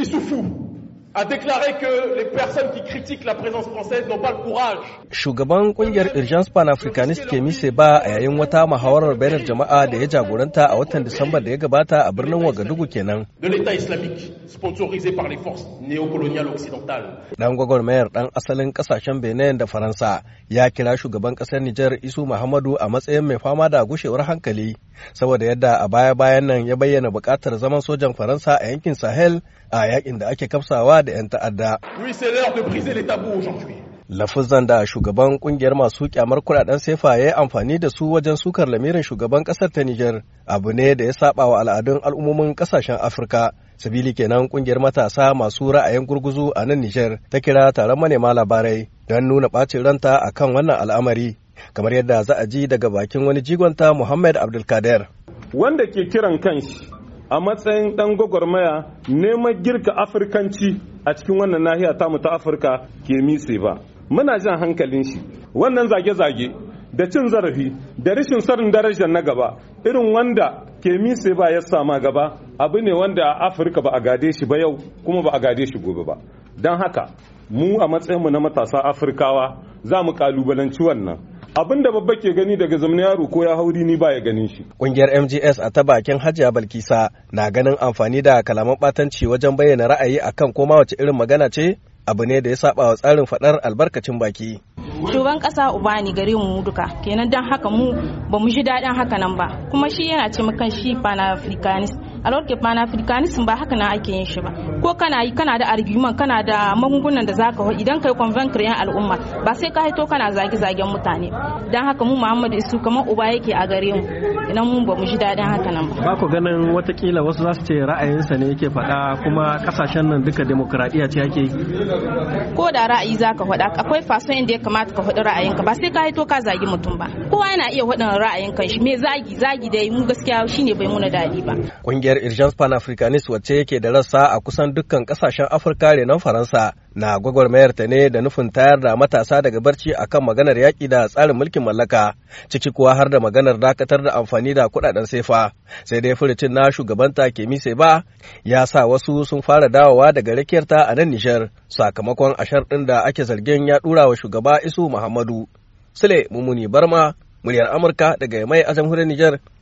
Il se fout. a déclaré que les personnes qui critiquent la présence française n'ont pas le courage. Shugaban kungiyar Urgence Panafricaniste Kemi Seba a yayin wata muhawarar bayar jama'a da ya jagoranta a watan Disamba da ya gabata a birnin Wagadugu kenan. De l'État islamique sponsorisé par les forces néocoloniales occidentales. Dan gwagwarmayar dan asalin kasashen Benin da Faransa ya kira shugaban kasar niger Isu Muhammadu a matsayin mai fama da gushewar hankali saboda yadda a baya-bayan nan ya bayyana buƙatar zaman sojan Faransa a yankin Sahel a yakin da ake kafsawa da 'yan ta'adda. Lafuzan da shugaban kungiyar masu kyamar kudaden sefa ya yi amfani da su wajen sukar lamirin shugaban kasar ta Nijar abu ne da ya saba wa al'adun al'ummomin kasashen Afirka. Sabili kenan kungiyar matasa masu ra'ayin gurguzu a nan Nijar ta kira taron manema labarai don nuna ɓacin ranta a kan wannan al'amari. Kamar yadda za a ji daga bakin wani jigonta Muhammad Abdulkader. Wanda ke kiran kanshi a matsayin dan gwagwarmaya neman girka afirkanci a cikin wannan nahiya tamu ta afirka ke mise ba muna jan hankalin shi wannan zage-zage da cin zarafi da rishin sarin darajar na gaba irin wanda ke mise ba ya sama gaba abu ne wanda a afirka ba a gade shi ba yau kuma ba a gade shi gobe ba don haka mu a matsayinmu na matasa afirkawa za mu kalubalanci wannan abin da babba ke gani daga zamanin yaro ko ya hauri ni ba ya gani shi kungiyar mgs a ta bakin hajiya balkisa na ganin amfani da kalaman batanci wajen bayyana ra'ayi akan koma wace irin magana ce abu ne da ya saba wa tsarin faɗar albarkacin baki shugaban kasa uba ne gare mu duka kenan don haka mu ba ji daɗin haka nan ba kuma shi yana ce mukan shi pan africanist alors pan panafricanism ba haka na ake yin shi ba ko kana yi kana da argument kana da magungunan da zaka wa idan kai convince yan al'umma ba sai ka haito kana zage zagen mutane dan haka mu Muhammadu Isu kamar uba yake a gare mu idan mun ba mu ji dadin haka nan ba ba ku ganin watakila wasu za su ce ra'ayinsa ne yake faɗa kuma kasashen nan duka demokradiya ce yake yi ko da ra'ayi zaka faɗa akwai fason inda ya kamata ka faɗi ra'ayinka ba sai ka haito ka zagi mutum ba kowa yana iya faɗin ra'ayin kanshi me zagi zagi dai mu gaskiya shine bai muna dadi ba kungiyar Urgence Panafricanist wacce yake da rassa a kusan dukkan kasashen Afirka renon Faransa na gwagwarmayar ta ne da nufin tayar da matasa daga barci akan maganar yaƙi da tsarin mulkin mallaka, ciki kuwa har da maganar dakatar da amfani da kuɗaɗen sefa. Sai dai furucin na ke mise ba ya sa wasu sun fara dawowa daga rakiyarta a nan Nijar sakamakon ashar ɗin da ake zargin ya ɗura wa shugaba Isu Muhammadu. Sule Mumuni Barma, muryar Amurka daga mai a jamhuriyar Nijar.